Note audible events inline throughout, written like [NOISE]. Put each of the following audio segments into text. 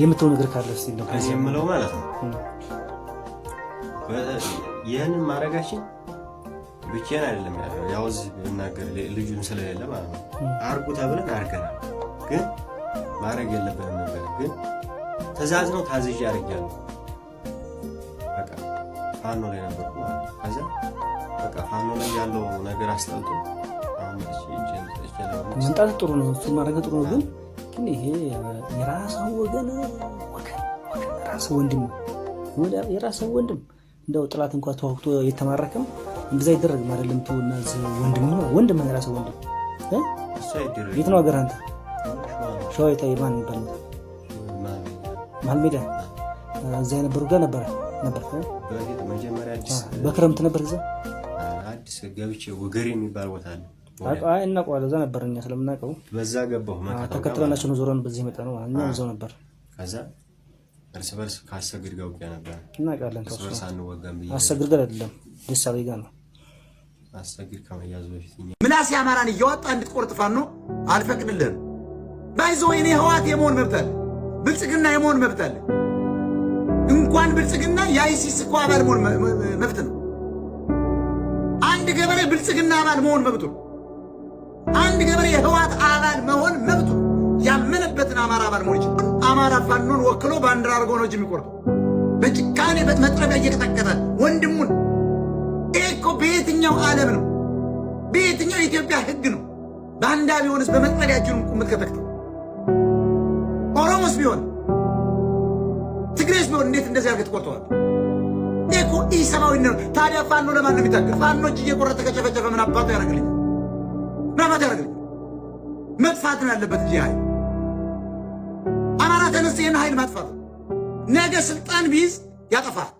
የምትሆን ነገር ካለ የምለው ማለት ነው። ይህንን ማድረጋችን ብቻዬን አይደለም ያለው ያው እዚህ ብናገር ልጁን ስለሌለ ማለት ነው። አርጉ ተብለን አርገናል፣ ግን ማድረግ የለብንም ነበር። ግን ትእዛዝ ነው። ታዝዤ አድርጊያለሁ። በቃ ፋኖ ላይ ነበርኩ ከዚያ በቃ ፋኖ ላይ ያለው ነገር አስጠልጦ አሁን መምጣት ጥሩ ነው፣ እሱ ማድረግ ጥሩ ነው ግን ግን ይሄ የራሰው ወገን ራሰው ወንድም የራሰው ወንድም እንደው ጥላት እንኳ ተዋግቶ የተማረከም እንደዛ ይደረግ አይደለም ተውናዝ ወንድም ነው ወንድም ነው የራስህ ወንድም። የት ነው ሀገር አንተ? ሸዋ የማን ነበር? መሀል ሜዳ እዛ የነበሩ ጋር ነበረ ነበር። በክረምት ነበር ጊዜ አዲስ ገብቼ ወገሬ የሚባል ቦታ አለ እናውቀዋለን። እዛ ነበር እኛ ስለምናውቀው በዛ ገባሁ ተከትለናቸው ነው ዞረን በዚህ መጣ ነው እኛ እዛው ነበር። ከዛ እርስ በርስ ከአሰግድ ጋር ውጊያ ነበር እናውቃለን። አሰግድ ጋር አይደለም ጋር ነው አሰግድ ከመያዙ በፊት ምናሴ አማራን እያወጣ እንድትቆርጥ ፋኖ አልፈቅድልህም። ባይዞ እኔ ህዋት የመሆን መብታል ብልጽግና የመሆን መብታል እንኳን ብልጽግና የአይሲስ እኮ አባል መሆን መብት ነው። አንድ ገበሬ ብልጽግና አባል መሆን ነው። አንድ ገበሬ የህወሓት አባል መሆን መብቱ ያመነበትን አማራ አባል መሆን ይችላል። አማራ ፋኖን ወክሎ ባንዲራ አድርጎ ነው እጅ የሚቆርጠው በጭካኔ በመጥረቢያ እየቀጠቀጠ ወንድሙን። ይህ እኮ በየትኛው ዓለም ነው? በየትኛው የኢትዮጵያ ህግ ነው? ባንዳ ቢሆንስ በመጥረቢያችሁን የምትከተክተው? ኦሮሞስ ቢሆን ትግሬስ ቢሆን እንዴት እንደዚህ አድርገህ ትቆርጠዋል? ይህ እኮ ኢሰብአዊነት ነው። ታዲያ ፋኖ ለማን ነው የሚታገል? ፋኖች እየቆረጠ ከጨፈጨፈ ምን አባቱ ያደርግልኛል? ራባት ያደረግ መጥፋት ነው ያለበት እንጂ ኃይል አማራ ተነስ ይህን ኃይል ማጥፋት ነገ ስልጣን ቢይዝ ያጠፋል።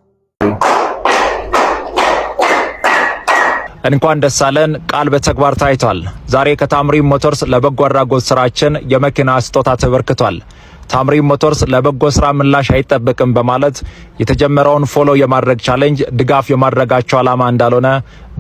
እንኳን ደስ አለን ቃል በተግባር ታይቷል። ዛሬ ከታምሪ ሞተርስ ለበጎ አድራጎት ስራችን የመኪና ስጦታ ተበርክቷል። ታምሪ ሞተርስ ለበጎ ስራ ምላሽ አይጠበቅም በማለት የተጀመረውን ፎሎ የማድረግ ቻሌንጅ ድጋፍ የማድረጋቸው ዓላማ እንዳልሆነ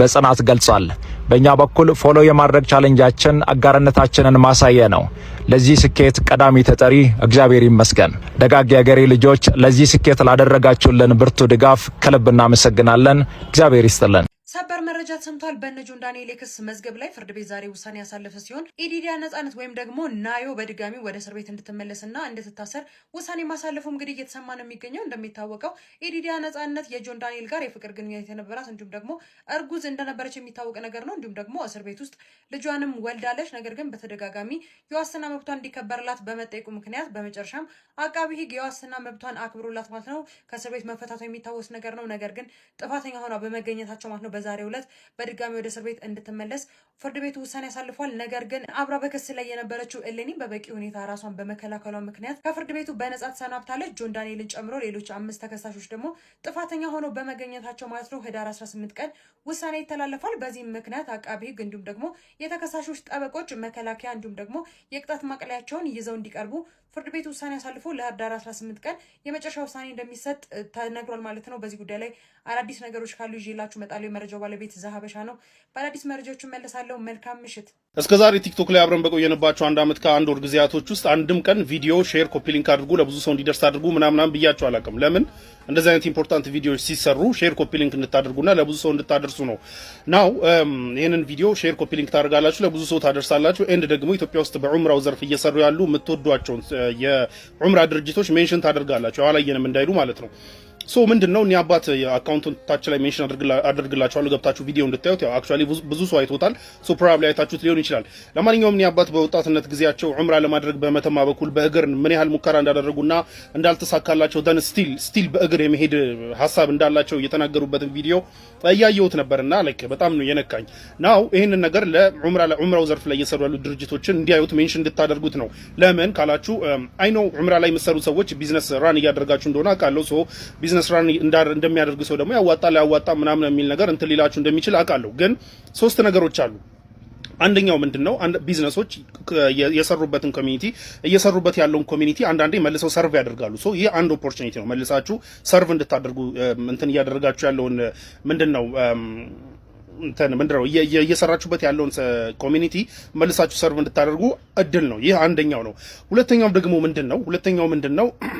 በጽናት ገልጿል። በእኛ በኩል ፎሎ የማድረግ ቻሌንጃችን አጋርነታችንን ማሳየ ነው። ለዚህ ስኬት ቀዳሚ ተጠሪ እግዚአብሔር ይመስገን። ደጋግ የአገሬ ልጆች ለዚህ ስኬት ላደረጋችሁልን ብርቱ ድጋፍ ከልብ እናመሰግናለን። እግዚአብሔር ይስጥልን። ሰበር መረጃ ተሰምቷል። በእነ ጆን ዳንኤል የክስ መዝገብ ላይ ፍርድ ቤት ዛሬ ውሳኔ ያሳለፈ ሲሆን ኢዲዲያ ነጻነት ወይም ደግሞ ናዮ በድጋሚ ወደ እስር ቤት እንድትመለስና እንድትታሰር ውሳኔ ማሳለፉ እንግዲህ እየተሰማ ነው የሚገኘው። እንደሚታወቀው ኢዲዲያ ነጻነት የጆን ዳንኤል ጋር የፍቅር ግንኙነት የነበራት እንዲሁም ደግሞ እርጉዝ እንደነበረች የሚታወቅ ነገር ነው። እንዲሁም ደግሞ እስር ቤት ውስጥ ልጇንም ወልዳለች። ነገር ግን በተደጋጋሚ የዋስትና መብቷ እንዲከበርላት በመጠየቁ ምክንያት በመጨረሻም አቃቢ ሕግ የዋስትና መብቷን አክብሮላት ማለት ነው ከእስር ቤት መፈታቷ የሚታወስ ነገር ነው። ነገር ግን ጥፋተኛ ሆኗ በመገኘታቸው ማለት ነው በዛሬው ዕለት በድጋሚ ወደ እስር ቤት እንድትመለስ ፍርድ ቤቱ ውሳኔ ያሳልፏል። ነገር ግን አብራ በክስ ላይ የነበረችው እሌኒ በበቂ ሁኔታ ራሷን በመከላከሏ ምክንያት ከፍርድ ቤቱ በነጻ ተሰናብታለች። ጆን ዳንኤልን ጨምሮ ሌሎች አምስት ተከሳሾች ደግሞ ጥፋተኛ ሆነው በመገኘታቸው ማለት ነው ህዳር 18 ቀን ውሳኔ ይተላለፋል። በዚህም ምክንያት አቃቢ ህግ እንዲሁም ደግሞ የተከሳሾች ጠበቆች፣ መከላከያ እንዲሁም ደግሞ የቅጣት ማቅለያቸውን ይዘው እንዲቀርቡ ፍርድ ቤቱ ውሳኔ አሳልፎ ለህዳር 18 ቀን የመጨረሻ ውሳኔ እንደሚሰጥ ተነግሯል ማለት ነው። በዚህ ጉዳይ ላይ አዳዲስ ነገሮች ካሉ ይዤላችሁ መጣለ መረጃ የመረጃው ባለቤት እዛ ነው። በአዳዲስ መረጃዎቹ መለሳለሁ። መልካም ምሽት። እስከ ዛሬ ቲክቶክ ላይ አብረን በቆየንባቸው አንድ ዓመት ከአንድ ወር ጊዜያቶች ውስጥ አንድም ቀን ቪዲዮ ሼር፣ ኮፒ ሊንክ አድርጉ፣ ለብዙ ሰው እንዲደርስ አድርጉ ምናምናም ብያቸው አላውቅም። ለምን እንደዚህ አይነት ኢምፖርታንት ቪዲዮዎች ሲሰሩ ሼር፣ ኮፒ ሊንክ እንድታደርጉና ለብዙ ሰው እንድታደርሱ ነው። ናው ይህንን ቪዲዮ ሼር፣ ኮፒ ሊንክ ታደርጋላችሁ፣ ለብዙ ሰው ታደርሳላችሁ። ኤንድ ደግሞ ኢትዮጵያ ውስጥ በዑምራው ዘርፍ እየሰሩ ያሉ የምትወዷቸውን የዑምራ ድርጅቶች ሜንሽን ታደርጋላችሁ። አላየንም እንዳይሉ ማለት ነው። ሶ ምንድን ነው እኒ አባት ታች ላይ ሜንሽን አደርግላችኋለሁ ገብታችሁ ቪዲዮ እንድታዩት። ያው አክቹዋሊ ብዙ ሰው አይቶታል፣ ሶ ፕሮባብሊ አይታችሁት ሊሆን ይችላል። ለማንኛውም እኒ አባት በወጣትነት ጊዜያቸው ዑምራ ለማድረግ በመተማ በኩል በእግር ምን ያህል ሙከራ እንዳደረጉና እንዳልተሳካላቸው ደን ስቲል ስቲል በእግር የመሄድ ሀሳብ እንዳላቸው እየተናገሩበትን ቪዲዮ እያየሁት ነበርና ላይክ በጣም ነው የነካኝ። ናው ይህንን ነገር ለዑምራ ለዑምራው ዘርፍ ላይ እየሰሩ ያሉ ድርጅቶችን እንዲያዩት ሜንሽን እንድታደርጉት ነው። ለምን ካላችሁ አይ um, ኖ ዑምራ ላይ የምትሰሩ ሰዎች ቢዝነስ ራን እያደረጋችሁ እንደሆነ አውቃለሁ ሶ ራን እንዳር እንደሚያደርግ ሰው ደግሞ ያዋጣ ላያዋጣ ምናምን የሚል ነገር እንትን ሊላችሁ እንደሚችል አውቃለሁ። ግን ሶስት ነገሮች አሉ። አንደኛው ምንድን ነው? ቢዝነሶች የሰሩበትን ኮሚኒቲ እየሰሩበት ያለውን ኮሚኒቲ አንዳንዴ መልሰው ሰርቭ ያደርጋሉ። ሶ ይህ አንድ ኦፖርቹኒቲ ነው። መልሳችሁ ሰርቭ እንድታደርጉ እንትን እያደረጋችሁ ያለውን ምንድን ነው እንትን ምንድን ነው እየሰራችሁበት ያለውን ኮሚኒቲ መልሳችሁ ሰርቭ እንድታደርጉ እድል ነው። ይህ አንደኛው ነው። ሁለተኛው ደግሞ ምንድን ነው? ሁለተኛው ምንድን ነው [CLEARS THROAT]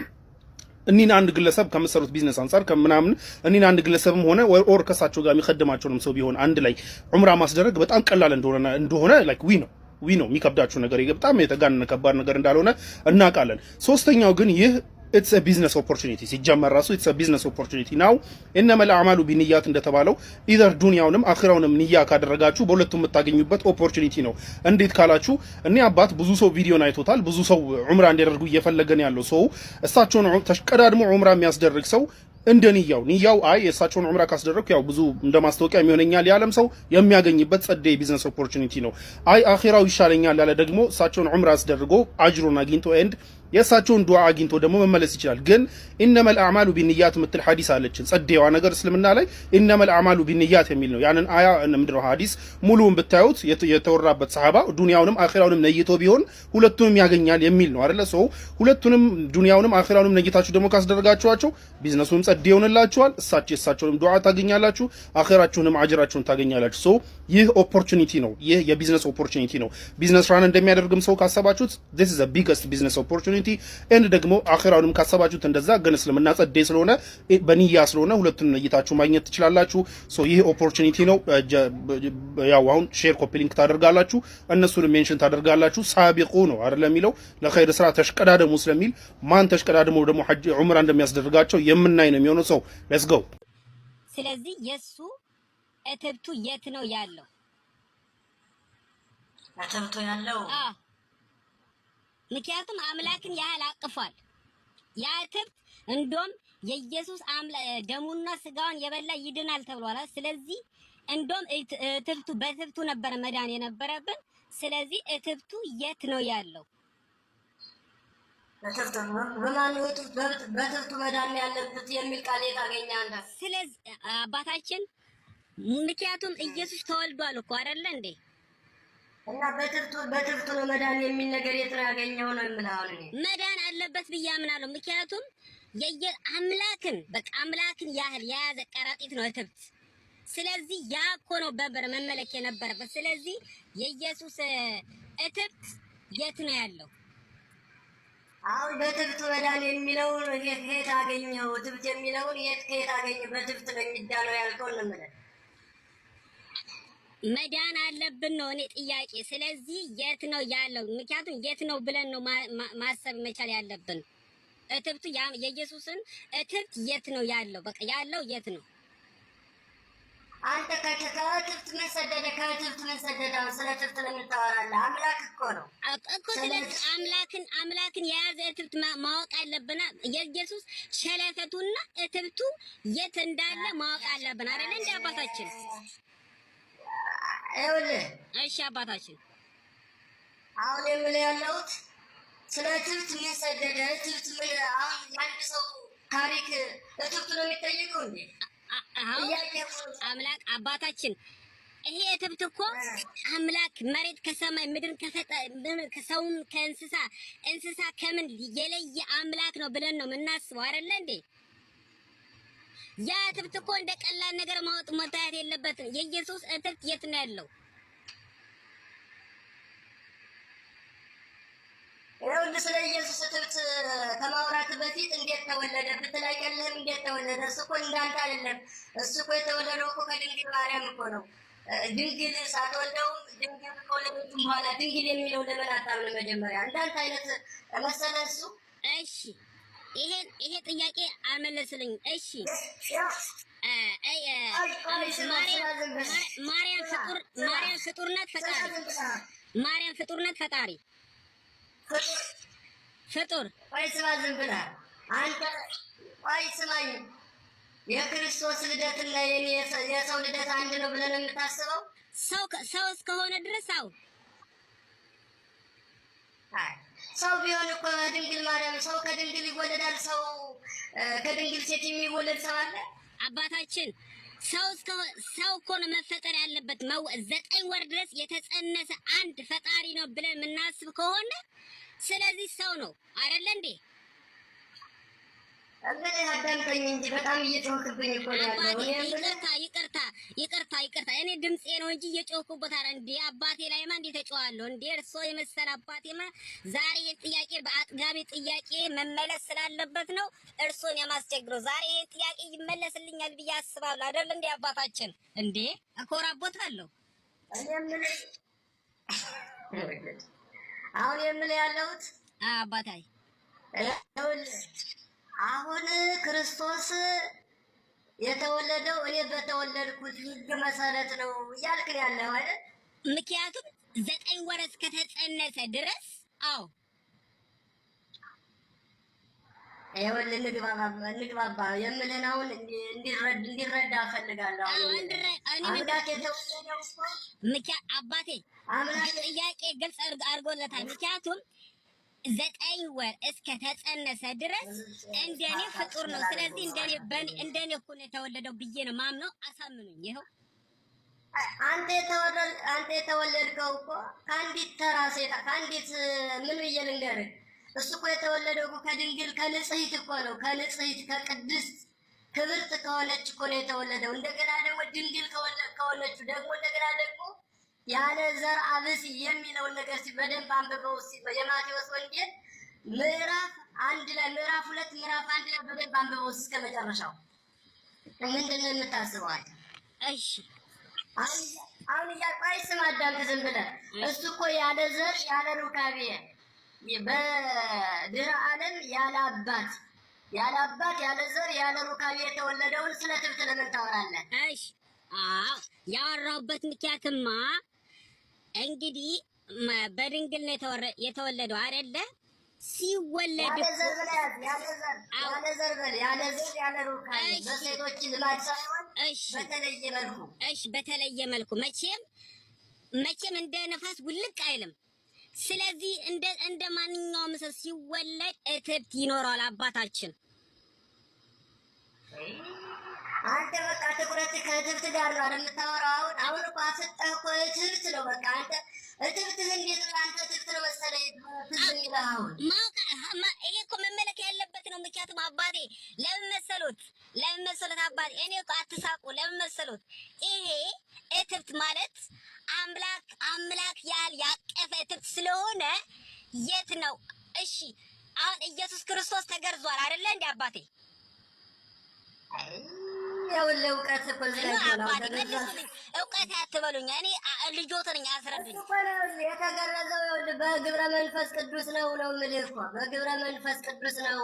እኒን አንድ ግለሰብ ከምሰሩት ቢዝነስ አንጻር ከምናምን እኒን አንድ ግለሰብም ሆነ ኦር ከሳቸው ጋር የሚቀድማቸውንም ሰው ቢሆን አንድ ላይ ዑምራ ማስደረግ በጣም ቀላል እንደሆነ እንደሆነ ላይክ ዊ ነው ዊ ነው የሚከብዳችሁ ነገር በጣም የተጋነነ ከባድ ነገር እንዳልሆነ እናውቃለን። ሶስተኛው ግን ይህ ኢትስ ቢዝነስ ኦፖርቹኒቲ ሲጀመር ራሱ ኢትስ ቢዝነስ ኦፖርቹኒቲ ናው እነመል አዕማሉ ቢንያት እንደተባለው ኢዘር ዱንያውንም አኺራውንም ንያ ካደረጋችሁ በሁለቱም የምታገኙበት ኦፖርቹኒቲ ነው። እንዴት ካላችሁ እኔ አባት ብዙ ሰው ቪዲዮን አይቶታል። ብዙ ሰው ዑምራ እንዲያደርጉ እየፈለገን ያለው ሰው እሳቸውን ተሽቀዳድሞ ዑምራ የሚያስደርግ ሰው እንደ ንያው ንያው አይ የእሳቸውን ዑምራ ካስደረግኩ ያው ብዙ እንደ ማስታወቂያ የሚሆነኛል ያለም ሰው የሚያገኝበት ጸደይ ቢዝነስ ኦፖርቹኒቲ ነው። አይ አኺራው ይሻለኛል ያለ ደግሞ እሳቸውን ዑምራ አስደርጎ አጅሩን አግኝቶ ኤንድ የእሳቸውን ዱዓ አግኝቶ ደግሞ መመለስ ይችላል። ግን ኢነመል አዕማሉ ቢንያት የምትል ሐዲስ አለችን ጸደዋ ነገር እስልምና ላይ ኢነመል አዕማሉ ቢንያት የሚል ነው። ያንን አያ ምንድነው ሐዲስ ሙሉውን ብታዩት የተወራበት ሰሃባ ዱንያውንም አኺራውንም ነይቶ ቢሆን ሁለቱንም ያገኛል የሚል ነው አይደለ? ሰው ሁለቱንም ዱንያውንም አኺራውንም ነይታችሁ ደግሞ ካስደረጋችኋቸው ቢዝነሱንም ጸድ ይሆንላችኋል፣ እሳቸው የእሳቸውንም ዱዓ ታገኛላችሁ፣ አኺራችሁንም አጅራችሁን ታገኛላችሁ። ሰው ይህ ኦፖርቹኒቲ ነው። ይህ የቢዝነስ ኦፖርቹኒቲ ነው። ቢዝነስ ራን እንደሚያደርግም ሰው ካሰባችሁት ዚስ ኢዝ ዘ ቢገስት ቢዝነስ ኦፖርቹኒቲ ኮሚኒቲ ኤንድ ደግሞ አኼራውንም ካሰባችሁት እንደዛ ግን እስልምና ጸዴ ስለሆነ በንያ ስለሆነ ሁለቱን እይታችሁ ማግኘት ትችላላችሁ። ይህ ኦፖርቹኒቲ ነው። ያው አሁን ሼር ኮፒ ሊንክ ታደርጋላችሁ፣ እነሱን ሜንሽን ታደርጋላችሁ። ሳቢቁ ነው አይደለ የሚለው ለኸይር ስራ ተሽቀዳደሙ ስለሚል ማን ተሽቀዳደሙ ደግሞ ሐጅ ዑምራ እንደሚያስደርጋቸው የምናይ ነው የሚሆነው። ሰው ሌትስ ጎ። ስለዚህ የእሱ እትብቱ የት ነው ያለው? እትብቱ ያለው ምክንያቱም አምላክን ያህል አቅፏል። ያ ከብት እንዶም የኢየሱስ ደሙና ስጋውን የበላ ይድናል ተብሏል። ስለዚህ እንዶም እትብቱ በእትብቱ ነበረ መዳን የነበረብን። ስለዚህ እትብቱ የት ነው ያለው? እትብቱ በማን በእትብቱ መዳን ያለበት የሚል ቃል የታገኛ ስለዚህ አባታችን ምክንያቱም ኢየሱስ ተወልዷል እኮ አይደለ እንዴ? እና በትርቱ በትርቱ ነው መዳን የሚል ነገር የት ነው ያገኘው ነው የምልህ። እኔ መዳን አለበት ብዬ አምናለሁ። ምክንያቱም የየ አምላክን በቃ አምላክን ያህል የያዘ ቀራጢት ነው እትብት። ስለዚህ ያ እኮ ነው በበር መመለክ የነበረበት። ስለዚህ የኢየሱስ እትብት የት ነው ያለው? አሁን በትብቱ መዳን የሚለውን ከየት አገኘው? ትብት የሚለውን የት ከየት አገኘ? በትብት ነው የሚዳነው ያልከው ነው የምልህ መዳን አለብን ነው እኔ ጥያቄ። ስለዚህ የት ነው ያለው? ምክንያቱም የት ነው ብለን ነው ማሰብ መቻል ያለብን። እትብቱ የኢየሱስን እትብት የት ነው ያለው? በቃ ያለው የት ነው? አንተ ከእትብት ምን ሰደደ? ከእትብት መሰደዳው ስለ እትብት ለምን ታወራለህ? አምላክ እኮ ነው እኮ። ስለዚህ አምላክን አምላክን የያዘ እትብት ማወቅ አለብና የኢየሱስ ሸለፈቱና እትብቱ የት እንዳለ ማወቅ አለብን አይደል? እንደ አባታችን ይኸውልህ፣ እሺ አባታችን፣ አሁን የምልህ ያለሁት ስለ እትብት እየሰደደ እትብት ምን አሁን የአንድ ሰው ታሪክ እትብት ነው የሚጠየቀው እንዴ? አምላክ አባታችን ይሄ እትብት እኮ አምላክ መሬት ከሰማይ ምድር ከፈጠረ ሰውን ከእንስሳ እንስሳ ከምን የለየ አምላክ ነው ብለን ነው የምናስበው አይደለ እንዴ? ያ እትብት እኮ እንደ ቀላል ነገር ማወጥ መታየት የለበትም። የኢየሱስ እትብት የት ነው ያለው? ይኸውልህ ስለ ኢየሱስ እትብት ከማውራት በፊት እንዴት ተወለደ ብትላቀልህ እንዴት ተወለደ? እሱ እኮ እንዳንተ አይደለም። እሱ እኮ የተወለደው እኮ ከድንግል ማርያም እኮ ነው። ድንግል ሳትወልደውም ድንግል ከወለደችም በኋላ ድንግል የሚለው ለምን አታምንም? መጀመሪያ እንዳንተ አይነት መሰለ እሱ። እሺ ይሄን ይሄ ጥያቄ አልመለስልኝ። እሺ ማርያም ፍጡር ማርያም ፍጡርነት ፈጣሪ ማርያም ፍጡርነት ፈጣሪ ፍጡር ቆይ ስማ፣ ዝም ብላ አንተ ቆይ ስማኝ። የክርስቶስ ልደትና የሰው ልደት አንድ ነው ብለን የምታስበው ሰው ሰው እስከሆነ ድረስ አዎ ሰው ቢሆን እኮ ድንግል ማርያም ሰው ከድንግል ይወለዳል። ሰው ከድንግል ሴት የሚወለድ ሰው አለ? አባታችን ሰው ሰው እኮ ነው መፈጠር ያለበት። ዘጠኝ ወር ድረስ የተጸነሰ አንድ ፈጣሪ ነው ብለን የምናስብ ከሆነ ስለዚህ ሰው ነው አይደለ እንዴ? ይቅርታ ይቅርታ ይቅርታ እኔ ድምፄ ነው እንጂ እየጮህኩበት አረ እንዴ አባቴ ላይማ እንዴ ተጮዋለሁ እንዴ። እርሶ የመሰለ አባቴማ ዛሬ ጥያቄ በአጥጋቢ ጥያቄ መመለስ ስላለበት ነው እርሶን የማስቸግረው። ዛሬ ጥያቄ ይመለስልኛል ብዬ አስባለሁ። አይደል እንዴ አባታችን እንዴ እኮራቦታለሁ። አሁን የምልህ ያለሁት አባታይ አሁን ክርስቶስ የተወለደው እኔ በተወለድኩት ሕግ መሰረት ነው እያልክ ያለ አይደል? ምክንያቱም ዘጠኝ ወር እስከተጸነሰ ድረስ አዎ፣ ይኸውልህ እንግባባ የምልህን አሁን እንዲረዳ እፈልጋለሁ። አባቴ ጥያቄ ግልጽ አድርጎለታል። ምክንያቱም ዘጠኝ ወር እስከ ተጸነሰ ድረስ እንደኔ ፍጡር ነው። ስለዚህ እንደኔ እንደኔ እኮ ነው የተወለደው ብዬ ነው ማምነው። አሳምኑኝ። ይኸው አንተ የተወለድ አንተ የተወለድከው እኮ ከአንዲት ተራ ሴት ከአንዲት ምን ብዬ ልንገርህ? እሱ እኮ የተወለደው እኮ ከድንግል ከንጽሕት እኮ ነው ከንጽሕት ከቅድስት ክብርት ከሆነች እኮ ነው የተወለደው። እንደገና ደግሞ ድንግል ከሆነች ደግሞ እንደገና ደግሞ ያለ ዘር አብስ የሚለውን ነገር በደንብ አንብበው የማቴዎስ ወንጌል ምዕራፍ አንድ ላይ ምዕራፍ ሁለት ምዕራፍ አንድ ላይ በደንብ አንብበው እስከ መጨረሻው ምንድን ነው የምታስበዋል? እሺ አሁን እያቋይ ስም አዳምጥ፣ ዝም ብለህ እሱ እኮ ያለ ዘር ያለ ሩካቤ በድረ ዓለም ያለ አባት ያለ አባት ያለ ዘር ያለ ሩካቤ የተወለደውን ስለ ትብት ለምን ታወራለህ? እሺ አዎ ያወራሁበት ምክንያትማ እንግዲህ በድንግል የተወለደው አይደለ? ሲወለድ እሺ፣ በተለየ መልኩ መቼም መቼም እንደ ነፋስ ውልቅ አይልም። ስለዚህ እንደ ማንኛውም ሰው ሲወለድ እትብት ይኖረዋል አባታችን አንተ በቃ ትኩረት ከትብት ጋር ነው የምታወራው። አሁን አሁን እኮ አሰጠህ እኮ ትብት ነው በቃ አንተ ትብትህ እንዴት አንተ ትብት ነው መሰለኝ ትዝ አባቴ ለምን መሰሉት ለምን መሰሉት አባቴ እኔ እኮ አትሳቁ ለምን መሰሉት ይሄ እትብት ማለት አምላክ አምላክ ያህል ያቀፈ እትብት ስለሆነ የት ነው እሺ አሁን ኢየሱስ ክርስቶስ ተገርዟል አይደለ እንደ አባቴ ያው እውቀት አትበሉኝ። እኔ ልጆት ነኝ። አስረዱኝ። የተገረዘው ይኸውልህ በግብረ መንፈስ ቅዱስ ነው ነው የምልህ እኮ በግብረ መንፈስ ቅዱስ ነው።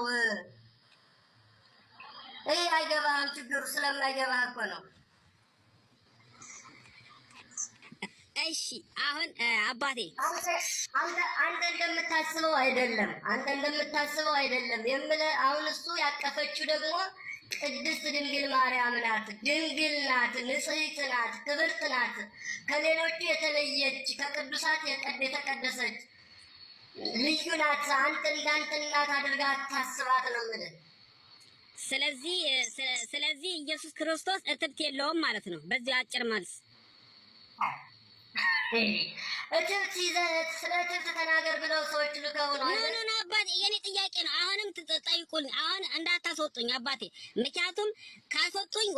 ይሄ አይገባህም። ችግሩ ስለማይገባህ እኮ ነው። እሺ አሁን አባቴ አንተ እንደምታስበው አይደለም። አንተ እንደምታስበው አይደለም የምልህ አሁን እሱ ያቀፈችው ደግሞ ቅድስት ድንግል ማርያም ናት። ድንግል ናት፣ ንጽሕት ናት፣ ክብርት ናት። ከሌሎቹ የተለየች ከቅዱሳት የተቀደሰች ልዩ ናት። አንተ እንዳንተ እናት አድርጋ ታስባት ነው የምልህ። ስለዚህ ስለዚህ ኢየሱስ ክርስቶስ እትብት የለውም ማለት ነው በዚህ አጭር መልስ እትብት ይዘህ ስለ እትብት ተናገር ብለው ሰዎች ልከው ነው። ኖ አባቴ የኔ ጥያቄ ነው። አሁንም ትጠይቁልኝ። አሁን እንዳታስወጡኝ አባቴ። ምክንያቱም ካስወጡኝ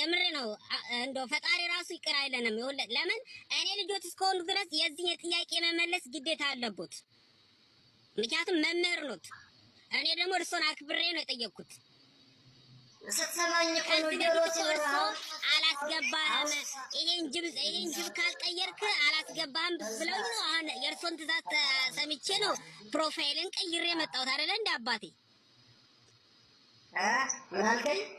የምሬ ነው እንደው ፈጣሪ ራሱ ይቅር አይለንም። ለምን እኔ ልጆት እስከሆኑ ድረስ የዚህ ጥያቄ መመለስ ግዴታ አለቦት። ምክንያቱም መምህር ኖት። እኔ ደግሞ እርሶን አክብሬ ነው የጠየቅኩት። ስትሰማኝ እኮ ጆሮ ተወርሶ አላስገባህም፣ ይሄን ጅብ ይሄን ጅብ ካልቀየርክ አላስገባህም ብለው ነው። አሁን የእርሶን ትእዛዝ ሰምቼ ነው ፕሮፋይልን ቀይሬ የመጣሁት አይደለ እንደ አባቴ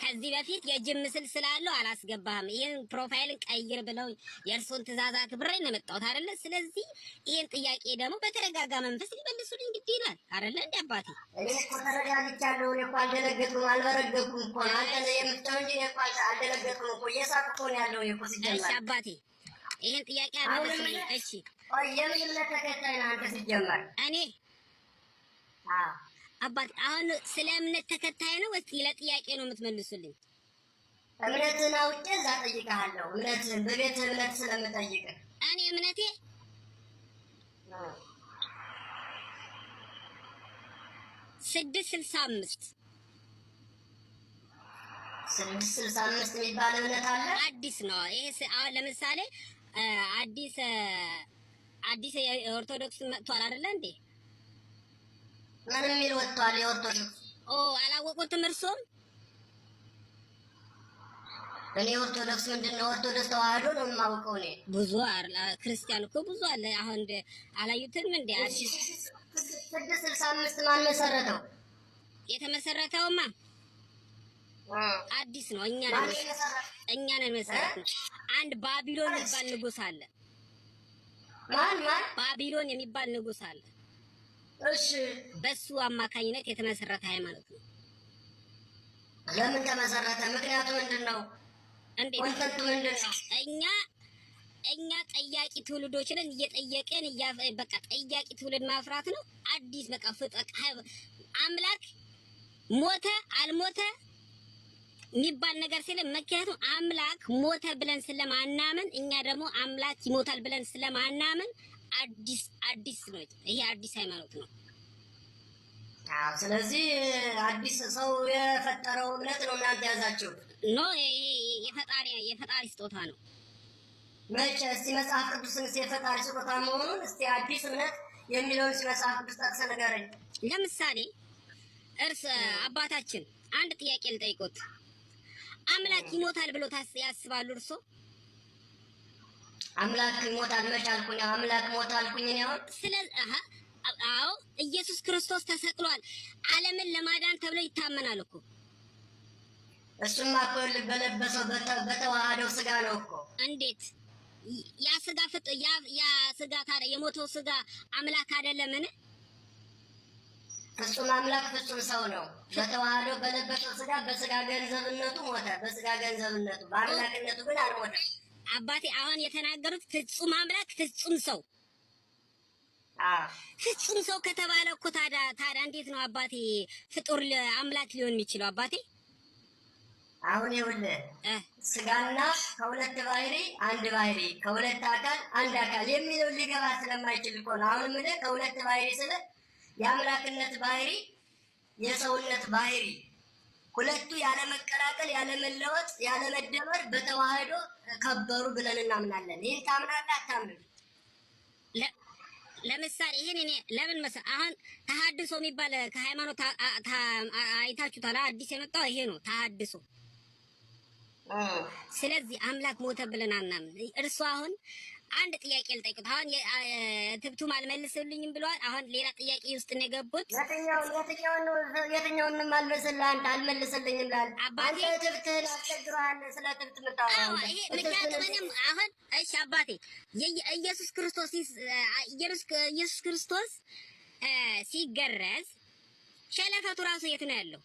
ከዚህ በፊት የጅም ምስል ስላለው አላስገባህም። ይህን ፕሮፋይልን ቀይር ብለው የእርሶን ትእዛዝ አክብሬ ነው የመጣሁት አይደለ? ስለዚህ ይህን ጥያቄ ደግሞ በተረጋጋ መንፈስ ሊመልሱልኝ ግድ ይላል አይደለ? እንደ አባቴ እኔ እኮ ተረጋግቻለሁ። እኔ እኮ አልደነገጥኩም፣ እኮ ነው አንተ የምትለው እንጂ እኔ እኮ አልደነገጥኩም እኮ ነው ያለው እኮ ሲጀመር። እሺ አባቴ ይህን ጥያቄ አልመለስልኝ። እሺ የምን ተከታይ ነው አንተ ሲጀመር? እኔ አዎ አባት አሁን ስለ እምነት ተከታይ ነው ወይስ ለጥያቄ ነው የምትመልሱልኝ? እምነትን አውቄ እዛ ጠይቃለሁ። እምነትን በቤት እምነት ስለምጠይቅ እኔ እምነቴ ስድስት ስልሳ አምስት ስድስት ስልሳ አምስት የሚባል እምነት አለ። አዲስ ነው ይሄ። አሁን ለምሳሌ አዲስ አዲስ የኦርቶዶክስ መጥቷል አይደለ እንዴ? ምን የሚል ወጥቷል? አላወቁትም። እርሶም እኔ ኦርቶዶክስ ምንድን ነው ኦርቶዶክስ ተዋህዶ ነው የማውቀው። እኔ ብዙ ክርስቲያን እኮ ብዙ አለ። አሁን አላዩትም እንዴ? ስድስት ስልሳ አምስት ማን መሰረተው? የተመሰረተውማ አዲስ ነው። እኛ ነን እኛ ነን መሰረት ነው። አንድ ባቢሎን የሚባል ንጉስ አለ። ማን ማን? ባቢሎን የሚባል ንጉስ አለ በሱ አማካኝነት የተመሰረተ ሃይማኖት ነው። ለምን ተመሰረተ? ምክንያቱ ምንድን ነው? እንዴት ምንድን ነው? እኛ እኛ ጠያቂ ትውልዶችንን እየጠየቅን በቃ ጠያቂ ትውልድ ማፍራት ነው። አዲስ በቃ ፍጠቅ አምላክ ሞተ አልሞተ የሚባል ነገር ስለ ምክንያቱም አምላክ ሞተ ብለን ስለማናምን እኛ ደግሞ አምላክ ይሞታል ብለን ስለማናምን አዲስ አዲስ ነው። ይሄ አዲስ ሃይማኖት ነው። ስለዚህ አዲስ ሰው የፈጠረው እምነት ነው እናንተ ያዛችሁ። ኖ የፈጣሪ የፈጣሪ ስጦታ ነው። መቼ እስቲ መጽሐፍ ቅዱስን የፈጣሪ ስጦታ መሆኑን እስቲ አዲስ እምነት የሚለውን መጽሐፍ ቅዱስ ጠቅሰህ ንገረኝ። ለምሳሌ እርስ አባታችን አንድ ጥያቄ ልጠይቆት አምላክ ይሞታል ብሎ ያስባሉ እርሶ? አምላክ ሞት መች አልኩኝ። አምላክ ሞት አልኩኝ። ስለዚህ አሁን ስለ አዎ ኢየሱስ ክርስቶስ ተሰቅሏል ዓለምን ለማዳን ተብሎ ይታመናል እኮ። እሱማ እኮ በለበሰው በተዋህደው ስጋ ነው እኮ። እንዴት ያ ስጋ ፍጥ ያ ያ ስጋ ታዲያ የሞተው ስጋ አምላክ አይደለምን? ፍጹም አምላክ ፍጹም ሰው ነው። በተዋህዶ በለበሰው ስጋ በስጋ ገንዘብነቱ ሞተ፣ በስጋ ገንዘብነቱ በአምላክነቱ ግን አልሞተም። አባቴ አሁን የተናገሩት ፍጹም አምላክ ፍጹም ሰው ፍጹም ሰው ከተባለ እኮ ታዲያ ታዲያ እንዴት ነው አባቴ ፍጡር አምላክ ሊሆን የሚችለው? አባቴ አሁን ይኸውልህ ስጋና ከሁለት ባህሪ አንድ ባህሪ ከሁለት አካል አንድ አካል የሚለው ሊገባ ስለማይችል እኮ ነው። አሁን የምልህ ከሁለት ባህሪ ስለ የአምላክነት ባህሪ የሰውነት ባህሪ ሁለቱ ያለመቀላቀል፣ ያለመለወጥ፣ ያለመደመር በተዋህዶ ከበሩ ብለን እናምናለን። ይህን ታምናለህ አታምንም? ለምሳሌ ይህን እኔ ለምን መሰለህ አሁን ተሀድሶ የሚባል ከሃይማኖት አይታችሁታል። አዲስ የመጣው ይሄ ነው ተሀድሶ። ስለዚህ አምላክ ሞተ ብለን አናምን። እርሱ አሁን አንድ ጥያቄ ልጠይቅት። አሁን ትብቱም አልመልስልኝም ብሏል። አሁን ሌላ ጥያቄ ውስጥ ነው የገቡት። የትኛውን መልስልህ አልመልስልኝም ላል አባቴ ትብትህን አስቸግረሃል። ስለ ትብት ምታወራ ይሄ ምክንያቱምንም አሁን እሺ አባቴ ኢየሱስ ክርስቶስ ኢየሱስ ክርስቶስ ሲገረዝ ሸለፈቱ ራሱ የት ነው ያለው?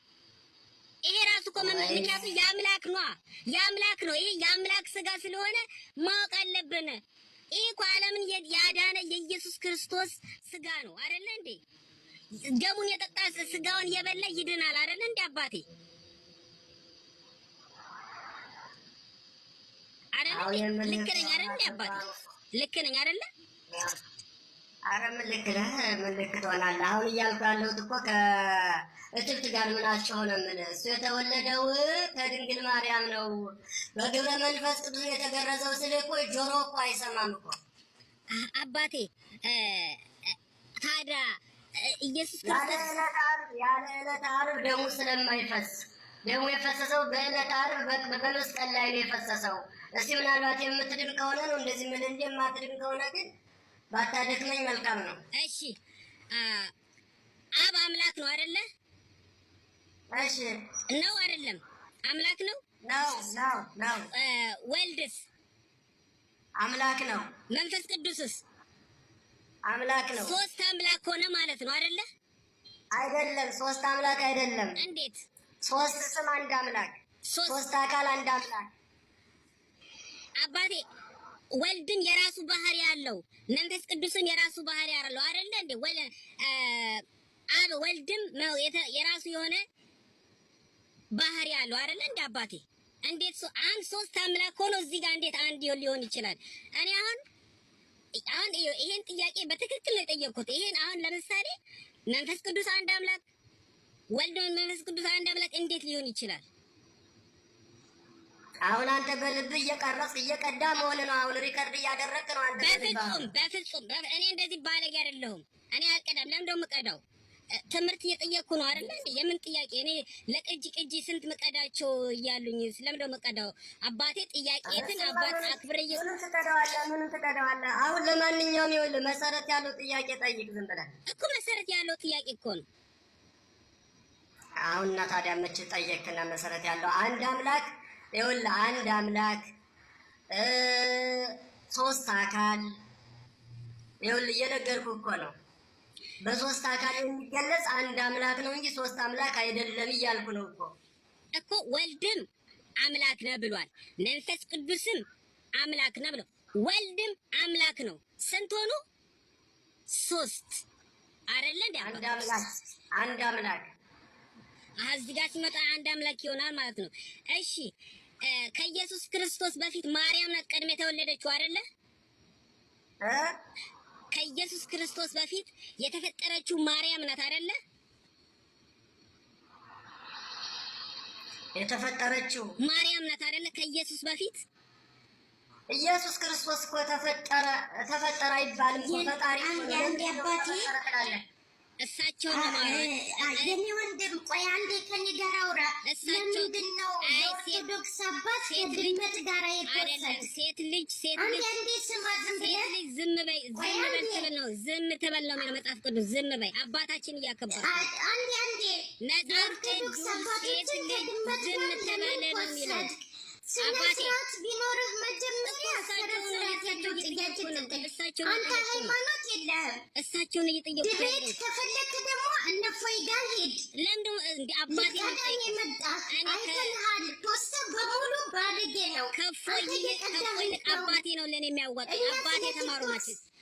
ይሄ ራሱ እኮ ምክንያቱ የአምላክ ነው፣ የአምላክ ነው። ይሄ የአምላክ ስጋ ስለሆነ ማወቅ አለብን። ይህ እኮ ዓለምን ያዳነ የኢየሱስ ክርስቶስ ስጋ ነው አይደለ እንዴ? ደሙን የጠጣ ስጋውን የበላ ይድናል አይደለ እንዴ? አባቴ አይደለ? ልክ ነኝ አይደለ? አባቴ ልክ ነኝ አይደለ? አረ ምልክ ነህ ምልክ ትሆናለህ። አሁን እያልኩ ያለሁት እኮ ከእትብት ጋር ምናቸው ሆነ ምን እሱ የተወለደው ከድንግል ማርያም ነው በግብረ መንፈስ ቅዱስ የተገረዘው። ስለ እኮ ጆሮ እኮ አይሰማም እኮ አባቴ። ታዲያ ኢየሱስ ያለ ዕለተ ዓርብ ደሙ ስለማይፈስ ደሙ የፈሰሰው በዕለተ ዓርብ በመስቀል ላይ ነው የፈሰሰው። እስቲ ምናልባት የምትድን ከሆነ ነው እንደዚህ ምን እንደማትድን ከሆነ ግን ባታደክመኝ መልካም ነው። እሺ አብ አምላክ ነው አይደለ? እሺ ነው አይደለም? አምላክ ነው ነው ነው ነው። ወልድስ አምላክ ነው። መንፈስ ቅዱስስ አምላክ ነው። ሶስት አምላክ ሆነ ማለት ነው አይደለ? አይደለም፣ ሶስት አምላክ አይደለም። እንዴት? ሶስት ስም አንድ አምላክ፣ ሶስት አካል አንድ አምላክ። አባቴ ወልድም የራሱ ባህሪ ያለው መንፈስ ቅዱስም የራሱ ባህሪ ያለው አይደለ እንዴ? ወለ አብ ወልድም የራሱ የሆነ ባህሪ ያለው አይደለ እንዴ? አባቴ እንዴት አንድ ሶስት አምላክ ሆኖ እዚህ ጋር እንዴት አንድ ሊሆን ይችላል? እኔ አሁን አሁን ይሄን ጥያቄ በትክክል ነው የጠየቅኩት። ይሄን አሁን ለምሳሌ መንፈስ ቅዱስ አንድ አምላክ ወልድ መንፈስ ቅዱስ አንድ አምላክ እንዴት ሊሆን ይችላል? አሁን አንተ በልብ እየቀረጽ እየቀዳ መሆን ነው። አሁን ሪከርድ እያደረግህ ነው አንተ። በፍጹም በፍጹም እኔ እንደዚህ ባለጌ አይደለሁም። እኔ አልቀዳም። ለምን ደው ምቀዳው? ትምህርት እየጠየቅኩ ነው አይደለ? የምን ጥያቄ? እኔ ለቅጂ ቅጂ ስንት መቀዳቸው እያሉኝ ስለምን ደው መቀዳው? አባቴ ጥያቄትን አባት አክብረ እየ ምንም ትቀዳዋለህ፣ ምንም ትቀዳዋለህ። አሁን ለማንኛውም ይኸውልህ መሰረት ያለው ጥያቄ ጠይቅ። ዝም ብለህ እኮ መሰረት ያለው ጥያቄ እኮ ነው አሁን እና ታዲያ መቼ ጠየቅክና መሰረት ያለው አንድ አምላክ ይሁን አንድ አምላክ ሶስት አካል ይሁን እየነገርኩ እኮ ነው። በሶስት አካል የሚገለጽ አንድ አምላክ ነው እንጂ ሶስት አምላክ አይደለም እያልኩ ነው እኮ እኮ ወልድም አምላክ ነው ብሏል። መንፈስ ቅዱስም አምላክ ነው ብሏል። ወልድም አምላክ ነው። ስንት ሆኑ? ሶስት አይደለ? አንድ አምላክ አንድ አምላክ እዚህ ጋር ሲመጣ አንድ አምላክ ይሆናል ማለት ነው። እሺ ከኢየሱስ ክርስቶስ በፊት ማርያም ናት ቀድሜ የተወለደችው አይደለ? ከኢየሱስ ክርስቶስ በፊት የተፈጠረችው ማርያም ናት አይደለ? የተፈጠረችው ማርያም ናት አይደለ? ከኢየሱስ በፊት ኢየሱስ ክርስቶስ እኮ ተፈጠረ ተፈጠረ አይባልም። ፈጣሪ አንድ አባቴ እሳቸው የኔ ወንድም ቆይ አንዴ ከኔ ጋር አውራ። ለምንድን ነው የኦርቶዶክስ አባት ከድመት ጋር የተወሰደ? ሴት ልጅ ሴት ልጅ ዝም በይ ነው ዝም ትበል ነው የሚለው መጽሐፍ ቅዱስ። ዝም በይ አባታችን እያከበሩ አንዴ አንዴ መጽሐፍ ቅዱስ ሴት ልጅ ዝም ትበል ነው የሚለው ስነስርዓት ቢኖርህ መጀመሪያ አንተ ሃይማኖት የለህም። እሳቸውን እየጠየቁ ድሬት ከፈለክ ደግሞ እነ ፎይ ጋር ሄድ። ለምንድን የመጣ አይተንሃል። ፖስተ በሙሉ ባልጌ ነው። ከፎይ አባቴ ነው ለእኔ የሚያዋጣኝ አባቴ ተማሩ ናቸው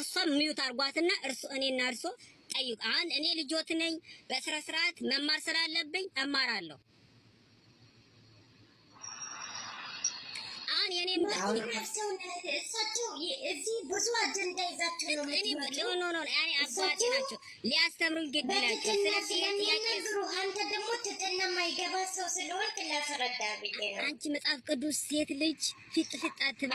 እሷም ሚዩት አርጓትና እርሱ እኔና እርሶ ጠይቁ። አሁን እኔ ልጆት ነኝ፣ በስነ ስርዓት መማር ስላለብኝ እማራለሁ። አሁን የኔ እዚህ ብዙ አጀንዳ ይዛችሁ ነው። አባቴ ናቸው ሊያስተምሩኝ አንተ ደግሞ ትትና ሰው ስለሆንክ ላስረዳ ብዬ ነው። አንቺ መጽሐፍ ቅዱስ ሴት ልጅ ፊጥ ፊጥ